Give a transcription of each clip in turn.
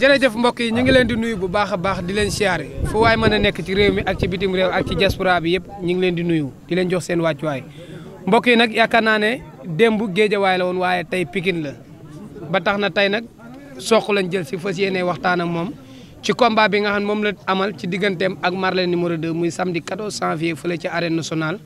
jërëjëf mbokk yi ñu ngi leen di nuyu bu baax a baax di leen siyaare foo waay mën a nekk ci réew mi ak ci bitim réew ak ci diaspora bi yëpp ñu ngi leen di nuyu di leen jox seen waay mbokk yi nag yaakaar naa ne démb géejawaay la woon waaye tey pikin la ba tax na tey nag soq lañ jël si fas yéene waxtaan ak moom ci combat bi nga xam moom la amal ci digganteem ak Marley numéro 2 muy samedi 14 janvier fële ci arène nationale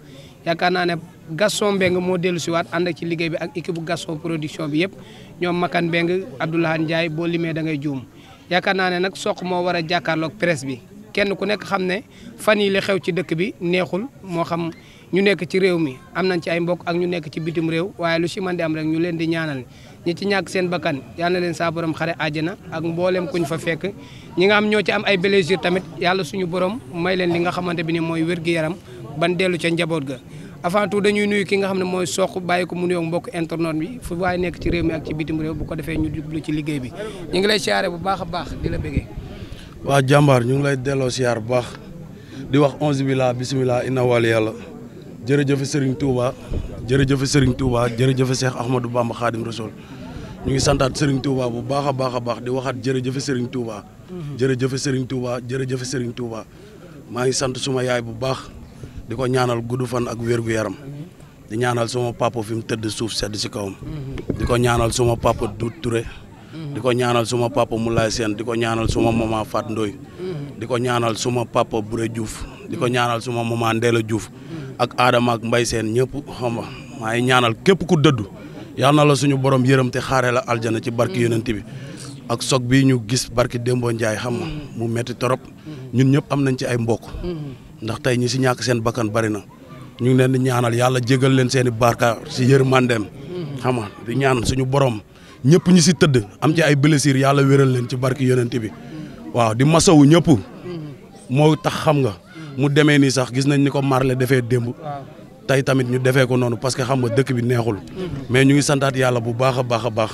yaakaar naa ne Gaston Mbengue moo dellu si waat ànd ak ci liggéey bi ak équipe bu Gaston production bi yëpp ñoo Makan Mbengue Abdoulahan Ndiaye boo limee dangay juum yaakaar naa ne nag sook moo war a jàkkaarloog presse bi kenn ku nekk xam ne fan yi li xew ci dëkk bi neexul moo xam ñu nekk ci réew mi am nañ ci ay mbokk ak ñu nekk ci bitim réew waaye lu si mën di am rek ñu leen di ñaanal ñi ci ñàkk seen bakkan yàlla leen saa borom xare na ak mboolem kuñ fa fekk ñi nga am ñoo ci am ay blessure tamit yàlla suñu borom may leen li nga xamante bi ne mooy wér yaram ban dellu ca njaboot ga avant tout dañuy nuyu ki nga xam ne mooy soq bàyyi ko mu nuyoog bokk internet bi fu waaye nekk ci réew mi ak ci bitim réew bu ko defee ñu jublu ci liggéey bi ñu ngi lay siyaare bu baax a baax di la bëggee waa jàmbaar ñu ngi lay delloo siyaar bu baax di wax onze bi la bisimilah inna wàll yàlla jërëjëf Serigne Touba jërëjëf Serigne Touba jërëjëf Cheikh Ahmadou Bamba Khadim Rasoul ñu ngi santaat Serigne Touba bu baax a baax a baax di waxaat jërëjëf Serigne Touba. Mhm. jërëjëf Serigne Touba jërëjëf Serigne Touba maa ngi sant suma yaay bu baax di ko ñaanal gudd fan ak wér-gu-yaram di ñaanal suma papa fi mu tëdd suuf sedd si kawam di ko ñaanal suma papa Doudou ture di ko ñaanal suma papa Moulay Sène di ko ñaanal suma maman Fat Ndoy di ko ñaanal suma papa Bouré juuf di ko ñaanal suma maman Ndéla Diouf ak Adama ak mbay seen ñëpp xam nga maa ngi ñaanal képp ku dëddu yàlla na la suñu borom yërëm te xaare la aljana ci barki yonent bi ak soog bii ñu gis barki Dembo Ndiaye xam nga mu metti torop ñun ñëpp am nañ ci ay mbokk ndax tey ñi si ñàkk seen bakkan bari na ñu ngi leen di ñaanal yàlla jégal leen seeni i barka si yërmandeem xam nga di ñaan suñu borom ñëpp ñi si tëdd am ci ay blessures yàlla wéral leen ci barki yonent bi waaw di masawu ñëpp moo tax xam nga mu demee nii sax gis nañ ni ko marle defee démb tey tamit ñu defee ko noonu parce que xam nga dëkk bi neexul mais ñu ngi santaat yàlla bu baax baax a baax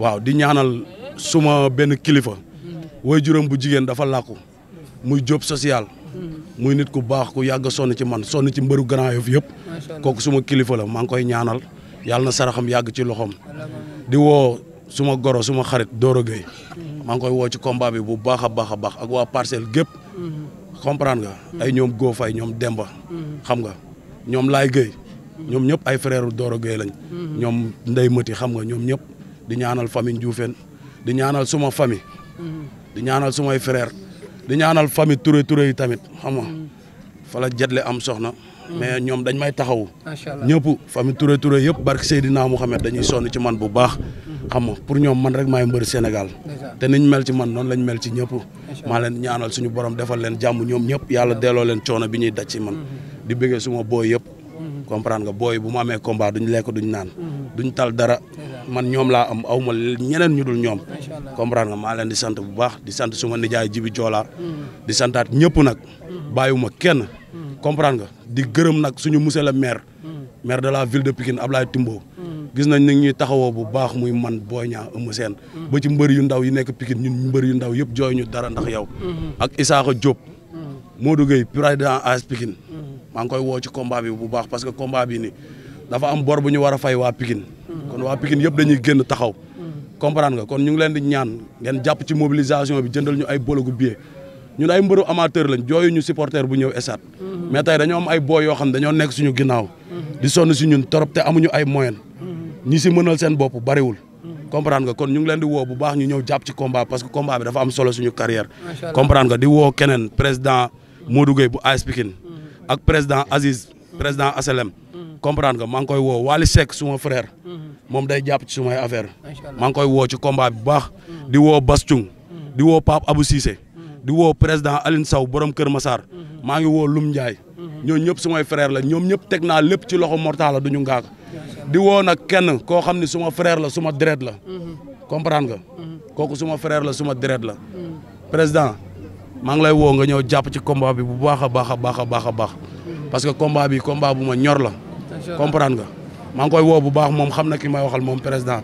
waaw di ñaanal suma benn kilifa way juróom bu jigéen dafa làkku muy job social muy nit ku baax ku yàgg sonn ci man sonn ci mbëru Grand Yoff yëpp kooku suma kilifa la maa ngi koy ñaanal yàlla na saraxam yàgg ci loxom di woo suma goro suma xarit Doro Gueye maa ngi koy woo ci combat bi bu baax a baax a baax ak waa parcelle gépp comprendre nga mm-hmm. ay ñoom Go Faye ñoom Demba mm-hmm. xam nga ñoom Laay Gueye mm-hmm. ñoom ñëpp ay frère Doro Gueye lañ ñoom Ndey Mati xam nga ñoom ñëpp di ñaanal famille Ndioufène di ñaanal suma famille di ñaanal sumay frère di ñaanal famille Touré Touré yi tamit xam nga fa la jetle am soxna. mais ñoom dañ may taxaw macha allah ñëpp famille Touré Touré yëpp barke Seydina Mouhamed dañuy sonn ci man bu baax. xam nga pour ñoom man rek maay mbër Sénégal. te niñ mel ci man noonu lañ mel ci ñëpp. maa leen ñaanal suñu borom defal leen jàmm ñoom ñëpp yàlla delloo leen coono bi ñuy daj ci man. Mhm. di bëggee suma boo yëpp. comprendre nga booy bu mu amee combat duñ lekk duñ naan. duñ tal dara. man ñoom la am aw ma ñeneen ñu dul ñoom. comprendre nga maa leen di sant bu baax di sant suma nijaay jibi joolaar di santaat ñëpp nag. bàyyiwuma kenn. comprendre nga di gërëm nag suñu monsieur le maire. maire de la ville de Pikine Ablaye Timbo. gis nañ ni ñuy taxawoo bu baax muy man Boy Niang Eumeu Sène ba ci mbër yu ndaw yi nekk Pikine ñu mbër yu ndaw yëpp jooy ñu dara ndax yow. ak Isaaxa Diop. Modou Gueye président AS Pikine maa ngi koy woo ci combat bi bu baax parce que combat bi ni dafa am bor bu ñu war a fay waa pikin kon waa pikin yëpp dañuy génn taxaw comprendre nga kon ñu ngi leen di ñaan ngeen jàpp ci mobilisation bi jëndal ñu ay bologu billet ñun ay mbëru amateur lañ jooyu ñu supporter bu ñëw esat mais tey dañoo am ay boo yoo xam ne dañoo nekk suñu ginnaaw sonn si ñun trop te amuñu ay moyen ñi si mënal seen bopp bariwul comprendre nga kon ñu ngi leen di woo bu baax ñu ñëw jàpp ci combat parce que combat bi dafa am solo suñu carrière comprendre nga di woo keneen président Modou bu AS Pikine ak président Aziz président ASLM comprendre nga maa ngi koy woo Waly Seck suma frère moom day jàpp ci sumay affaire maa ngi koy woo ci combat bi baax di woo Bass di woo Pape Abou Cissé di woo président alin saw borom Kër masaar maa ngi woo Lum Ndiaye ñooñu ñëpp sumay frère la ñoom ñëpp teg naa lépp ci loxo la du ñu ngaak di woo nag kenn koo xam ne suma frère la suma deret la comprendre nga kooku suma frère la suma deret la président maa ngi lay woo nga ñëw jàpp ci combat bi bu baax a baax a baax a baax a baax parce que combat bi combat bu ma ñor la. comprendre nga maa ngi koy woo bu baax moom xam na ki may waxal moom président.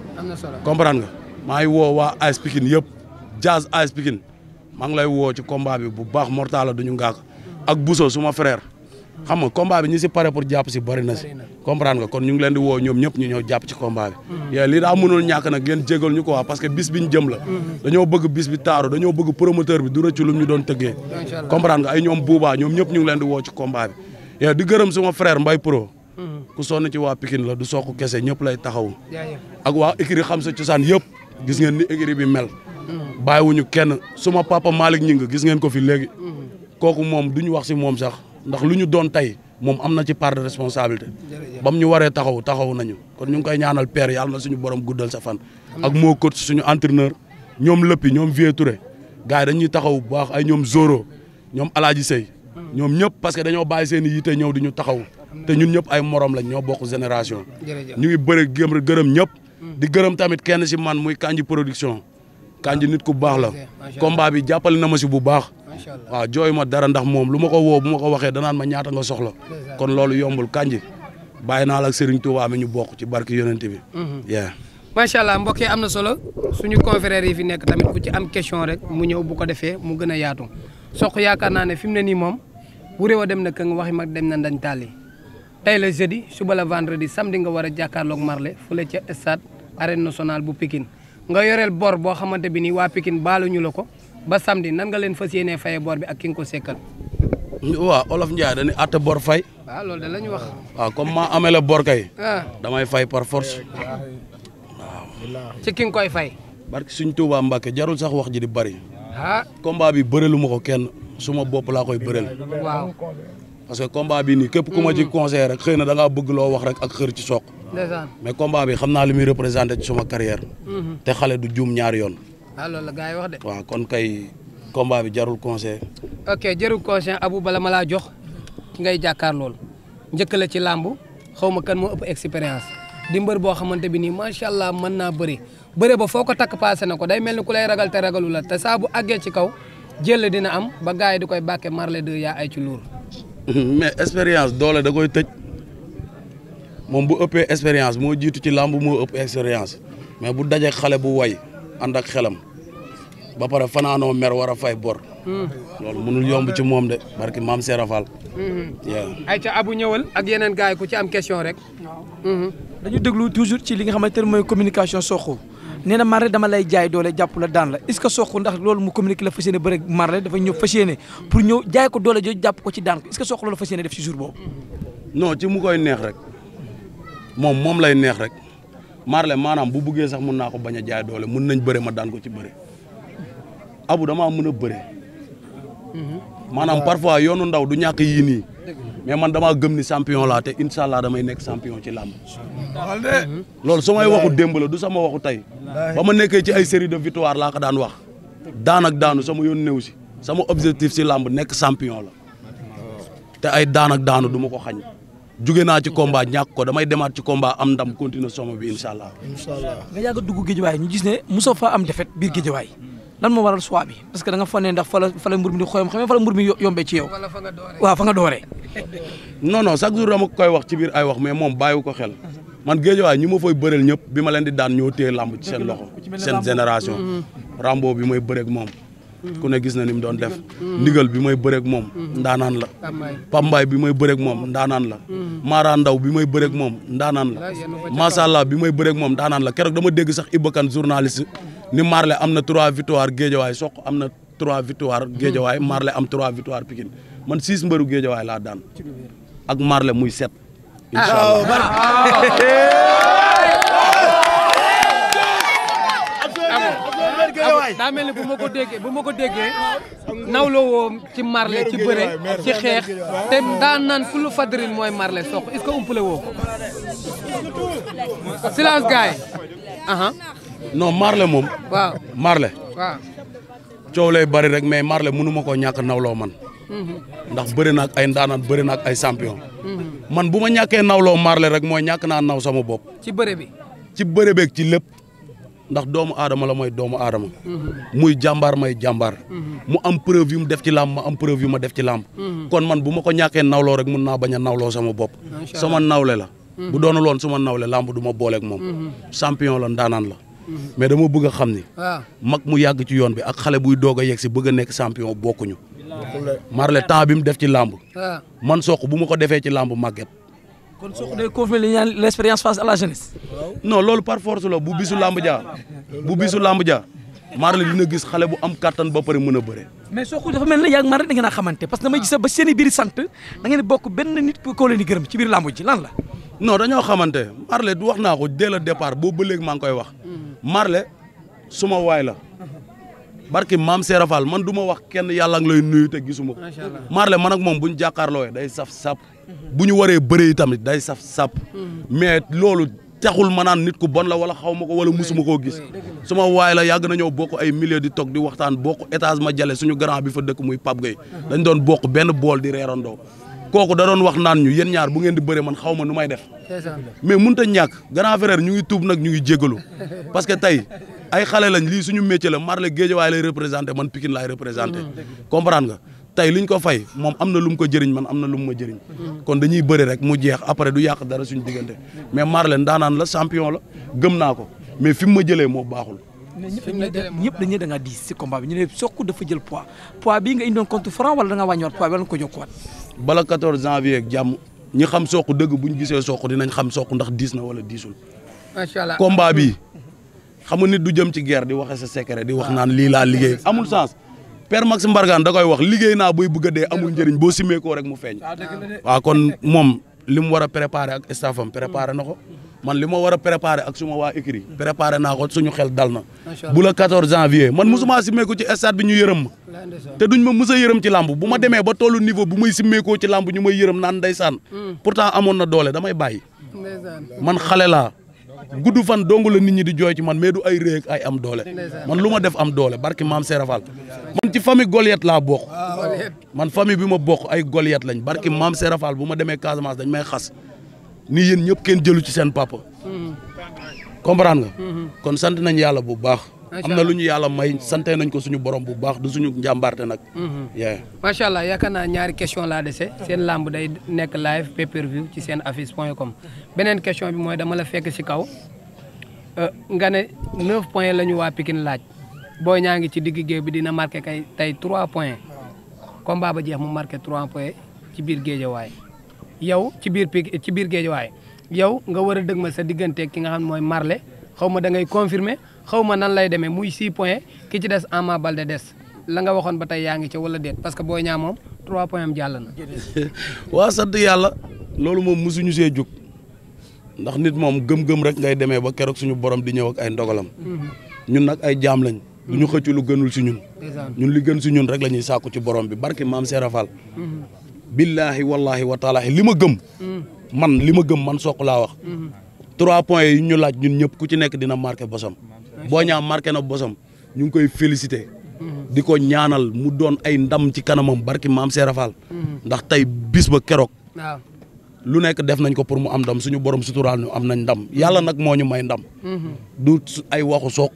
comprendre nga maa ngi woo waa AS Pikine yëpp Jazz AS Pikine maa ngi lay woo ci combat bi bu baax Mortala duñu ngaak ak Bousso suma freer xam nga combat bi ñu si pare pour jàpp si bëri na kon ñu ngi leen di woo ñoom ñëpp ñu ñëw jàpp ci combat bi yooyu lii daa mënul ñàkk nag ngeen jégal ñu ko waa parce que bis bi ñu la mm-hmm. dañoo bëgg bis bi taaru dañoo bëgg promoteur bi du rëccu ñu doon tëggee comprendre nga ay ñoom buubaa ñoom ñëpp ñu ngi leen di woo ci combat bi yooyu di gërëm suma frère Mbaye Pro mm-hmm. ku sonn ci waa Pikine la du soog kese ñëpp lay taxaw ak waa écurie xam sa cosaan yëpp gis ngeen ni écurie bi mel mm-hmm. bàyyiwuñu kenn suma papa Malick Ñing gis ngeen ko fi léegi kooku moom duñu wax si moom sax ndax lu ñu doon tey moom am na ci part de responsabilité bam ñu waree taxaw taxaw nañu kon ñu ngi koy ñaanal père yàlla na suñu borom guddal sa fan ak moo coach suñu entraîneur ñoom lëppi ñoom Vieux Touré gars yi dañuy taxaw bu baax ay ñoom Zoro ñoom Alaaji Sey ñoom ñëpp parce que dañoo bàyyi seen i yitte ñëw di ñu taxaw te ñun ñëpp ay morom lañ ñoo bokk génération ñu ngi bëri gërëm ñëpp di gërëm tamit kenn si man muy Kandji production Kandji nit ku baax la combat bi jàppale na ma si bu baax waaw jooy ma dara ndax moom lu ma ko woo bu ma ko waxee danaan ma ñaata nga soxla kon loolu yombul Kandji bàyyi naa la ak Serigne Touba mi ñu bokk ci barki yonent bi mhm. macha allah mbokk yi am na solo suñu confrères yi fi nekk tamit ku ci am question rek mu ñëw bu ko defee mu gën a yaatu soq yaakaar naa ne fi mu ne nii moom wuré wa dem na këng waxi mag dem na ndañ tàlli tey la jeudi suba la vendredi samedi a nga yoreel bor boo xamante bi ni waa Pikine baaluñu la ko ba samedi nan nga leen fas yéenee faye bor bi ak ki nga ko sekkal. waaw Olof Ndiaye dañuy àtte bor fay. waaw loolu da la wax. waaw comme maa amee la bor kay. Ah. damay fay par force. ci ki koy fay. barke suñ tuubaa Mbacke jarul sax wax ji di bari. ah combat bi bërelu ko kenn suma bopp laa koy bërel. waaw. parce que combat bi nii képp ku ma ci mm. conseillé rek xëy na da bëgg loo wax rek ak xër ci soq. mais combat bi xam naa li muy représenté ci suma carrière. Mm-hmm. te xale du juum ñaari yoon. waaw ah, loolu la gars yi wax de. waaw kon kay combat bi jarul conseil. ok jarul conseil Abou bala malaa jox ki ngay jàkkaar lool njëkk la ci làmb xaw ma kan moo ëpp expérience di boo xamante bi nii macha allah mën naa bëri bëri ba foo ko takk paase na ko day mel ni ku lay ragal te ragalu la te saa bu àggee ci kaw jël dina am ba yi di koy bàkkee marle ay ci luur. mais expérience doole da koy tëj moom bu ëppee expérience moo jiitu ci làmb moo ëpp expérience mais bu dajee xale bu way ànd ak xelam ba pare fanaanoo mer war a fay bor. Hmm. loolu mënul yomb ci moom de barki maam Serap Fall. Hmm. ay ca abu ñëwal ak yeneen gars yi ku ci am question rek. Hmm. dañu déglu toujours ci li nga xamante ne mooy communication Sokh nee na Marley dama lay jaay doole jàpp la daan la est-ce que Sokh ndax loolu mu communiqué la fas yéene bëre Marley dafa ñëw fas yéene pour ñëw jaay ko doole jooju jàpp ko ci daan ko est-ce que Sokh loolu fas yéene def ci boobu non ci mu koy neex rek moom moom lay neex rek Marley maanaam bu buggee sax mun naa ko bañ a jaay doole mën nañ bëre ma daan ko ci bëre abu mën a bëre mhm. maanaam parfois yoonu ndaw du ñàkk yii nii mais man damaa gëm ni champion laa te incha allah damay nekk champion ci làmb. loolu su may waxu démb la du sama waxu tey ba ma nekkee ci ay série de victoire laa ko daan wax daanak daanu sama yoon néew si sama objectif si làmb nekk champion la te ay daan daanu du ma ko xañ juge naa ci combat ñàkk ko damay demaat ci combat am ndam continuer soma bi incha allah. incha allah nga yàgg dugg géejawaay ñu gis ne Moussa fa am defet biir géejawaay lan moo waral choix parce que da nga fa ne ndax fa fa la mbir mi di xoyom xamee fa la mbir mi yombee ci yow. waaw fa nga dooree. non chaque jour dama koy wax ci biir ay wax mais moom bàyyiwu ko xel. man géejawaay ñi ma fay bëreel ñëpp bi ma leen di daan ñoo téye lamb ci sen loxo. seen génération. Mm-hmm. Rambo bi mooy bëreeg moom. ku ne gis na ni mu doon def ndigal mm. bi may bëreeg mm. moom ndaanaan la pambaay mm. bi may bëreeg moom ndaanaan la maara ndaw bi may bëreeg moom ndaanaan la masalla bi may bëreeg moom ndaanaan la keroog dama dégg sax Ibakan journaliste ni Marley am na trois victoire Géejawaay soq am na trois victoire Géejawaay Marley am trois victoire Pikine man mbaru mbëru Géejawaay laa daan ak Marley muy set ah. incha waay daa mel ni bu ma ko déggee bu ma ko déggee nawloo woo ci marle ci bëre ci xeex te daa naan kullu fadrin mooy marle soq est-ce que umpale woo gaay aha non marle moom waaw marle waaw coow lay bari rek mais marle mënu ma koo ñàkk nawloo man mhm. ndax bëri naak ay ndaanaan bëri naag ay champion mhm. man bu ma ñàkkee nawloo marle rek mooy ñàkk naa naw sama bopp ci bëre bi ci bëre ci lépp ndax doomu aadama la mooy doomu aadama. Mm-hmm. muy jàmbaar may jàmbaar. Mm-hmm. mu am preuve yu mu def ci làmb ma am preuve yu ma def ci làmb. Mm-hmm. kon man bu ma ko ñàkkee nawloo rek mun naa bañ a nawloo sama bopp. sama nawle la. bu doonul loon sama nawle làmb du ma booleeg moom. sampion la ndaanaan la. mais dama bëgg a xam ni. Ah. mag mu yàgg ci yoon bi ak xale buy doog a yegg si bëgg a nekk champion bokkuñu. marle temps bi mu def ci làmb. Ah. man soq bu ma ko defee ci làmb màgget. kon soo ko day confirmer li ñaan l' expérience face à la jeunesse. non loolu par force la bu bisu làmb ja bu bisu làmb ja Marley dina gis xale bu am kattan ba pare mën a bëre. mais Sokh dafa mel ne yaa ngi Marley da ngeen a xamante parce que damay gis ba seen i biir sant da ngeen bokk benn nit koo leen di gërëm ci biir làmb ji lan la. non dañoo xamante Marley wax naa ko dès le départ boobu ba léegi maa ngi koy wax. Mm. Marley suma waay la. barki maam Seera Fall man du ma wax kenn yàlla ngi lay nuyu te gisuma ko. macha allah Marley man ak moom bu ñu jàkkaarlooyee day saf sap. bu ñu waree bëree tamit day saf sap. mais loolu taxul ma naan nit ku bon la wala xaw ma ko wala musuma koo gis. su ma waay la yàgg na ñëw bokk ay milliers di toog di waxtaan bokk étage ma jale suñu grand bi fa dëkk muy Pape Gueye. dañ doon bokk benn bool di reerandoo. kooku da doon wax naan ñu yéen ñaar bu ngeen di bëree man xaw ma nu may def. mais mënut a ñàkk grand frère ñu nag ñu ngi jégalu ay xale lañ lii suñu métier la Marley Guédiawaye lay représenté man Pikine laay représenté mm. comprendre nga tey li ñu ko fay moom am na lu mu ko jëriñ man am na lu mu ma jëriñ mm. kon dañuy bëri rek mu jeex après du yàq dara suñu diggante mais Marley ndaanaan la champion la gëm naa ko mais fi mu ma jëlee moo baaxul ñëpp dañu da nga diis si combat bi ñu ne Sokh dafa jël poids poids bii nga indoon compte franc wala da nga wàññiwaat poids bi wala nga ko jokkuwaat bala jàmm ñi xam Sokh dëgg bu ñu gisee Sokh dinañ xam Sokh ndax diis na wala diisul macha allah combat bi xam nga nit du jëm ci ger di waxe sa secret di wax ah. naan lii laa liggéey ah. amul sens père Max Mbargane da koy wax liggéey naa buy bëgg dee amul ah. njëriñ boo simee koo rek mu feeñ waaw kon moom li mu war a préparer ak staffam préparer na ko man li ma war a ak suma waa écrit préparer naa ko suñu xel dal na bu la 14 janvier man mosumaa simmeeku ci stade bi ñu yërëm ma te duñ ma mës a yërëm ci làmb bu ma mm. demee ba tollu niveau bu may simmeekoo ci làmb ñu ma yërëm naan ndeysaan mm. pourtant amoon na doole damay bàyyi man xale laa gudd fan dong la nit ñi di jooy ci man mais du ay réeg ay am doole man lu ma def am doole barki maam Serafal man ci famille Goliath laa bokk ah, man famille bi ma bokk ay Goliath lañ barki maam Serafal bu ma demee Casamance dañ may xas ni yéen ñëpp kenn jëlu ci seen papa hmm. comprendre nga hmm, hmm. kon sant nañ yàlla bu baax am na lu ñu yàlla may sante nañ ko suñu borom bu baax du suñu njàmbaarte nag. Mm-hmm. yaa macha allah yaakaar naa ñaari question laa dese seen làmb day nekk live pay ci seen affiche point com beneen question bi mooy dama la fekk si kaw euh, nga ne 9 points la ñu waa Pikine laaj booy ñaa ngi ci digg géew bi dina marqué kay tey 3 points combat ba jeex mu marqué 3 points ci biir géejawaay yow ci biir Pikine ci biir géejawaay yow nga war a dëgg ma sa diggante ki nga xam ne mooy Marley xaw xaw ma nan lay demee muy 6 points ki ci des Ama Baldé des la nga waxoon ba tey yaa ngi ca wala déet parce que Boy Niang moom 3 points am jàll na. waa sant yàlla loolu moom mosuñu see jóg ndax nit moom gëm-gëm rek ngay demee ba keroog suñu borom di ñëw ak ay ndogalam. Mm-hmm. ñun nag ay jaam lañ. du ñu xëcc lu gënul si ñun. ñun li gën si ñun rek la ñuy sàkku ci borom bi barki maam Serap Fall. Mm-hmm. billaahi wallaahi wa taalaahi li ma gëm. Mm-hmm. man li ma gëm man soq laa wax. trois points yi ñu laaj ñun ñëpp ku ci nekk dina marqué bosam. Boy Niang marqué na bosam ñu ngi koy félicité. di ko ñaanal mu doon ay ndam ci kanamam barki maam Serafal. ndax tey bis ba lu nekk def nañ ko pour mu am ndam suñu borom suturaal ñu am nañ ndam yàlla nag moo ñu may ndam. du ay waxu soq.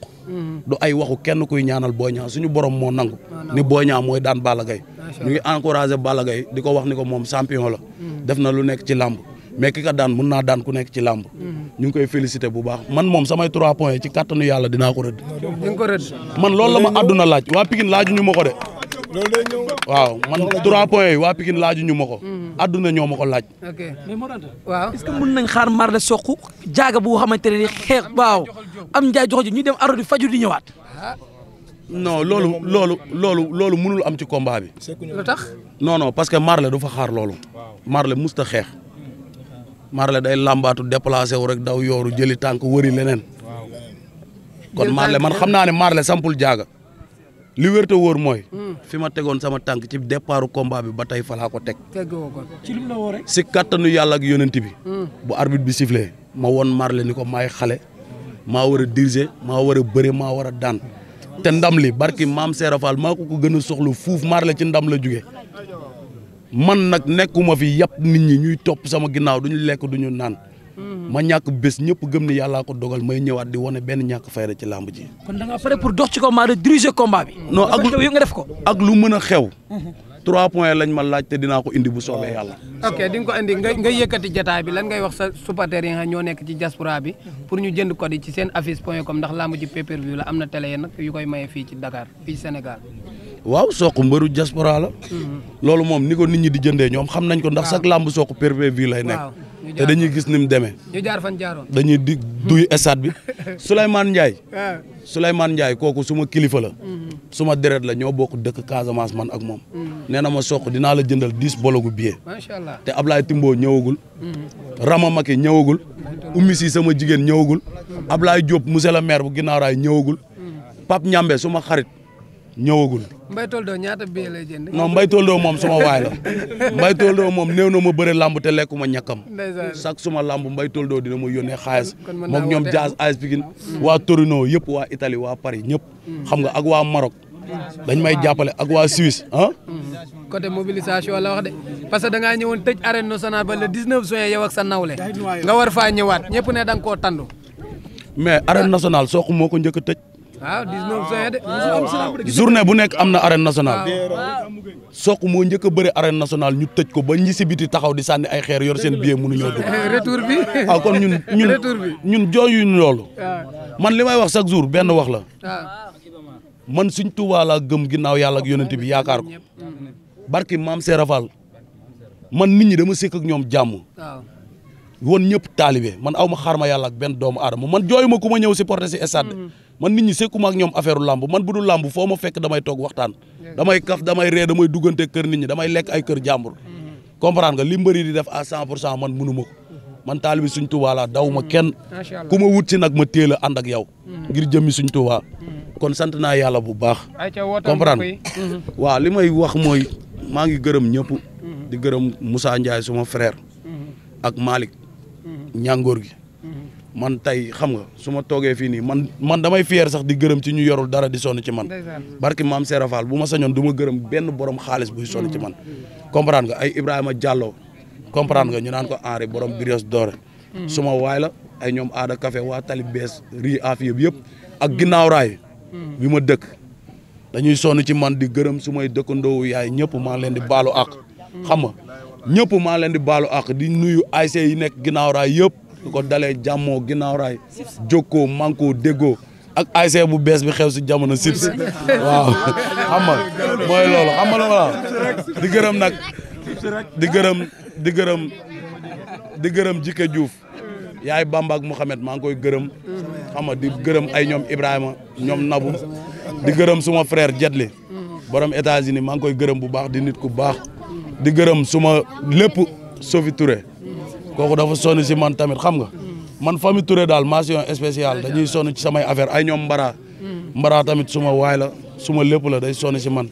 du ay waxu kenn kuy ñaanal Boy Niang suñu borom moo nangu. ni Boy Niang mooy daan Balla Gaye ñu ngi di ko wax ni ko moom champion la. Mm. def na lu nekk ci làmb. mais ki ka daan mun naa daan ku nekk ci làmb ñu ngi koy félicité bu baax man moom samay trois points ci kàttanu yàlla dinaa ko man loolu la ma àdduna laaj waa Pikine laaju ñu ma ko de waaw man trois points yi waa Pikine laaju ñu ma ko àdduna ñoo ma ko laaj mais Moranta waaw est-ce nañ xaar Marley Sokh jaaga bu xamante ne xeex waaw am njaay joxo ji ñu dem aro di faju di ñëwaat non loolu loolu loolu loolu mënul am ci combat bi lu tax non non parce que Marley du fa xaar loolu Marley musta xeex Marley day làmbaatu déplacé wu rek daw yooru jëli tànk wëri leneen kon Marley man xam naa ne Marley sampul jaaga li wér te mooy. Hmm. fi ma tegoon sama tànk ci départu combat bi ba tey falaa ko teg. ko si kattanu yàlla ak yonent bi. Hmm. bu arbitre bi sifflé ma woon Marley ni ko maay xale maa war a diriger maa war a bëre maa war a daan te ndam li barki maam Serafal maa ko ko gën a soxla fuuf Marley ci ndam la jóge man nag nekkuma fi yàpp nit ñi ñuy topp sama ginnaaw du duñu lekk duñu naan. Hmm. ma ñàkk bés ñëpp gëm ni yàllaa ko dogal may ñëwaat di wane benn ñàkk fayra ci làmb ji. kon da nga pare pour dox ci combat de diriger combat bi. def ko. ak lu mën a xew. Hmm. trois points lañ ma laaj te dinaa ko indi bu soobee yàlla. ok di ko indi nga nga yëkkati jotaay bi lan ngay wax sa supporters yi nga ñoo nekk ci diaspora bi pour ñu jënd ko yi ci seen affiche point com ndax làmb ji pay am na télé yéen nag yu koy maye fii ci Dakar fii ci Sénégal. waaw sook mbaru diaspora la. Mm-hmm. loolu moom ni ko nit ñi di jëndee ñoom xam nañ ko ndax sax làmb Sokh pay-per-view lay nekk. te dañuy gis ni mu demee. ñu jaar dañuy di duy stade bi. Souleymane Ndiaye. Ah. Souleymane Ndiaye kooku suma kilifa la. Mm-hmm. suma deret la ñoo bokk dëkk Casamance man ak moom. Mm-hmm. nee na ma Sokh dinaa la jëndal diis bologu billet. macha allah te Ablaye Timbo ñëwagul. Rama Maki ñëwagul. Oumy si sama jigéen ñëwagul. Ablaye Diop monsieur le maire bu ginnaaw raay ñëwagul. Pape Ñambe suma xarit. ñëwagul. Mbaye Toldo ñaata bee lay jënd. non Mbaye Toldo moom suma waay la Mbaye Toldo moom néew na ma bëre lamb te lekkuma ñàkkam. sak suma lamb Mbaye Toldo dina ma yónnee xaalis. moom ñoom Diaz AS Pikine waa Torino yëpp waa itali waa Paris ñëpp. xam nga ak waa Maroc. dañ may jàppale ak waa Suisse ah. côté mobilisation la wax de parce que dangaa ngaa ñëwoon tëj arène nationale ba le 19 juin yow ak sa nawle nga war faa ñëwaat ñëpp ne da nga koo tandu. mais arène nationale soq moo ko njëkk a tëj. Ah, ah, waaw journée bu nekk am na arène nationale. Ah, Sokh moo njëkk a bëre arène nationale ñu tëj ko ba ñu si biti taxaw di sànni ay xeer yor seen billet mënuñoo dugg. Eh, retour bi. waaw kon ñun ñun ñun jooyuñu loolu. man li may wax chaque jour benn wax la. man suñ Tuubaa laa gëm ginnaaw yàlla ak yonent bi yaakaar ko. barki maam Seera Fall man nit ñi dama sekk ak ñoom jàmm. woon ñëpp taalibe man aw ma xaar ma yàlla ak benn doomu aadama man jooyu ma ku ma ñëw si porté si stade. Mm-hmm. man nit ñi sekkuma ak ñoom affaire lamb man bu dul làmb foo ma fekk damay toog waxtaan damay kaf damay ree damay duggante kër nit ñi damay lekk ay kër jàmbur comprendre nga li di def a cent pour cent man mënu man taalibi suñ Tuubaa la daw ma mm-hmm. kenn ku ma wut si nag ma téel a ak yow mm-hmm. ngir jëmmi suñ Tuubaa mm-hmm. kon sant naa yàlla bu baax comprendre waa li may wax mooy maa ngi gërëm ñëpp di gërëm Moussa Ndiaye suma frère ak Malick ñàngoor gi man tey xam nga su ma toogee fii nii man man damay fier sax di gërëm ci ñu yorul dara di sonn ci man barki maam Serap Fall bu ma sañoon du ma gërëm benn borom xaalis buy sonn ci man comprendre nga ay Ibrahima jàlloo comprendre nga ñu naan ko Henri borom Brioche doore hmm. su ma waay la ay ñoom aada café waa tali bees ri afiyab yëpp ak ginnaaw raay hmm. bi ma dëkk dañuy sonn ci man di gërëm su may dëkkandoowu yaay ñëpp maa leen di baalu àq xam nga ñëpp maa leen di baalu àq di nuyu ASC yi nekk ginnaaw yëpp lu ko dalee jàmmoo ginnaaw raay jokkoo manko déggoo ak ASC bu bees bi xew si jamono sips waaw xam mooy loolu xam nga di gërëm nag di gërëm di gërëm di gërëm Jike Diouf yaay Bamba ak Mouhamed maa ngi koy gërëm xam di gërëm ay ñoom Ibrahima ñoom Nabu di gërëm suma frère Jetli borom États-Unis maa ngi koy gërëm bu baax di nit ku baax di gërëm suma lépp Sofi Touré kooku dafa sonn si man tamit xam nga man famille Touré daal mention spéciale dañuy sonn ci samay affaire ay ñoom Mbara. Mm. Mbara tamit suma waay la suma lépp la day sonn si man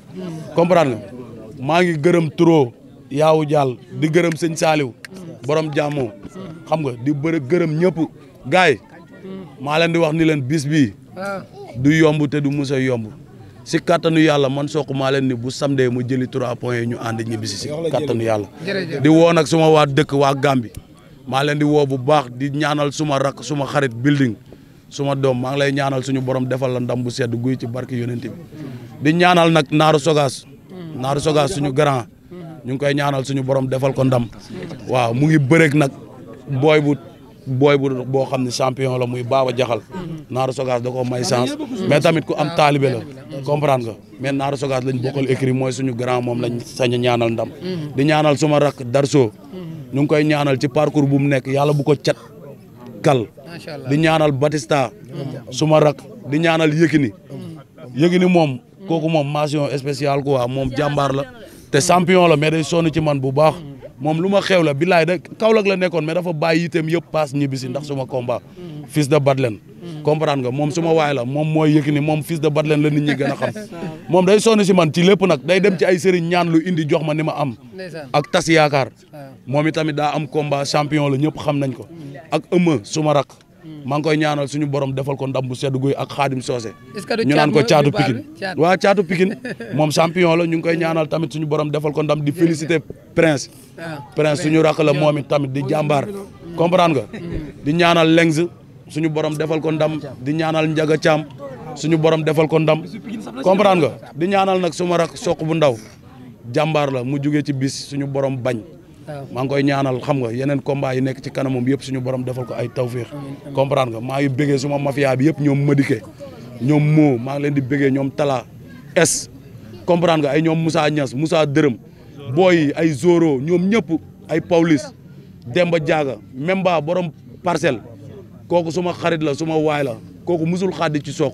comprendre nga maa ngi gërëm trop yaawu jàll di gërëm sëñ saaliw borom jàmmoo xam nga di bëri gërëm ñëpp gaay mm. maa leen di wax ni leen bis bii ah. du yomb te du mus yomb si kattanu yàlla man soo sook maa leen ni bu samdee mu jëli trois points yi ñu ànd ñibbisi si kattanu yàlla di woon ak suma waa dëkk waa Gàmbi maa leen di woo bu baax di ñaanal suma rakk suma xarit building suma doom maa ngi lay ñaanal suñu borom defal la ndam bu sedd guy ci barki yonent di ñaanal nag naaru sogaas naaru sogaas suñu grand ñu ngi koy ñaanal suñu borom defal ko ndam waaw mu ngi bëreeg nag booy bu booy bu boo xam ne champion la muy baaba jaxal naaru sogaas da ko may chance mais tamit ku am taalibe la comprendre nga mais naaru sogaas lañ bokkal écrit mooy suñu grand moom lañ sañ ñaanal ndam di ñaanal suma rak darso ñu ngi koy ñaanal ci parcours bu mu nekk yàlla bu ko cat kal di ñaanal Batista suma rak di ñaanal Yékini Yékini moom kooku moom mention spéciale quoi moom jàmbaar la te sampiyon la mais day sonn ci man bu baax moom lu ma xew la billaay da Kaolack la nekkoon mais dafa bàyyi itam yëpp paas ñibbisi ndax suma combat mm. fils de Badlen mm. comprendre nga moom suma waay la moom mooy Yékini moom fils de Badlen la nit ñi gën a xam moom day sonn si man ci lépp nag day dem ci ay sëriñ ñaan lu indi jox ma ni ma am ak tas yaakaar moom itamit daa am combat champion la ñëpp xam nañ ko mm. ak ëmma suma rak maa ngi koy ñaanal suñu borom defal ko ndam bu sedd guy ak xaadim soose ñu naan ko caatu pikin waa caatu pikin moom champion la ñu ngi koy ñaanal tamit suñu borom defal ko ndam di féliciter prince ah. prince suñu rakk la moom it tamit di jàmbaar comprendre nga mm. di ñaanal lengs suñu borom defal ko ndam di ñaanal njaga caam suñu borom defal ko ndam comprendre nga di ñaanal nag suma rak soq bu ndaw jàmbaar la mu jugee ci bis suñu borom bañ maa ngi koy ñaanal xam nga yeneen combat yi nekk ci kanamam yëpp suñu borom defal ko ay tawféex comprendre nga maa ngi bëggee suma mafia bi yëpp ñoom Madike ñoom moo maa ngi leen di bëggee ñoom Tala S comprendre nga ay ñoom Moussa Niass Moussa Dërëm booy ay Zoro ñoom ñëpp ay Paulis Demba Diaga même ba borom parcelle kok suma xarit la suma waay la kok musul xaddi ci soq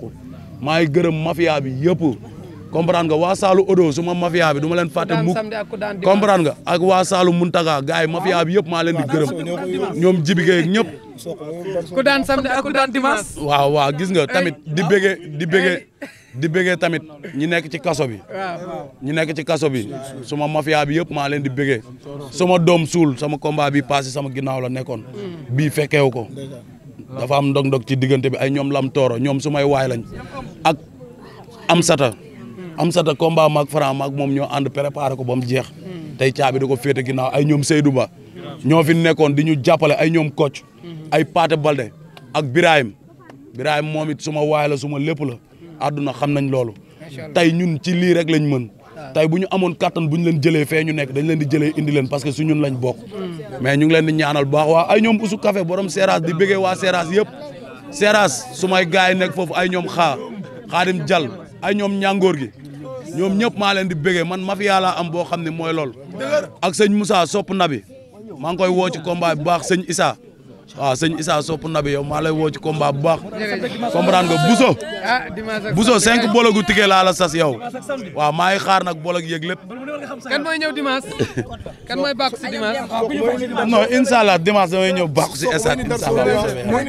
maa ngi mafia bi yëpp comprendre nga waa Saalu Odo su ma mafia bi du ma leen fàtte mukk comprendre ga ak waa Saalu Muntaga gars yi mafia bi yëpp maa leen di gërëm ñoom jibigee ak ñëpp. waa daan gis nga tamit di bëggee di bëggee di bëggee tamit ñi nekk ci kaso bi. ñi nekk ci kaso bi suma mafia bi yëpp maa leen di bëggee suma doom suul sama combat bi sama ginnaaw la nekkoon hmm. bi fekkeewu ko dafa am ndog-ndog ci diggante bi ay ñoom lam tooro ñoom sumay waay lañ ak am am sata combat maag Franc maag moom ñoo ànd préparé ko ba mu jeex tey caabi da ko féete ginnaaw ay ñoom Seydou Ba ñoo fi nekkoon di ñu jàppale ay ñoom coach ay Paate Balde ak Birahim Birahim moom it suma waay la suma lépp la àdduna xam nañ loolu tey ñun ci lii rek lañ mën ah. tey bu ñu amoon kattan bu ñu leen jëlee fee ñu nekk dañ leen di jëlee indi leen parce que su ñun lañ bokk hmm. mais ñu ngi leen di ñaanal baax waa ay ñoom usu café borom Seras di bëggee waa Seras yëpp Seras su gars yi nekk foofu ay ñoom xaa xaadim jal ay ñoom ñàngoor gi ñoom ñëpp maa leen di bëggee man mafia laa am boo xam ne mooy lool ak sëñ Moussa sopp nabi maa ngi koy woo ci combat bu baax sëñ Issa sëñ Issa nabi yow maa lay woo ci combat bu baax comprendre nga Bousso ah, Bousso cinq bologu tike laala sas yow maa ngi xaar nag bolog yëg lépp kan mooy ñëw dimanche kan mooy bàkku si dimanche non incha allah dimanche damay ñëw bàkku si stade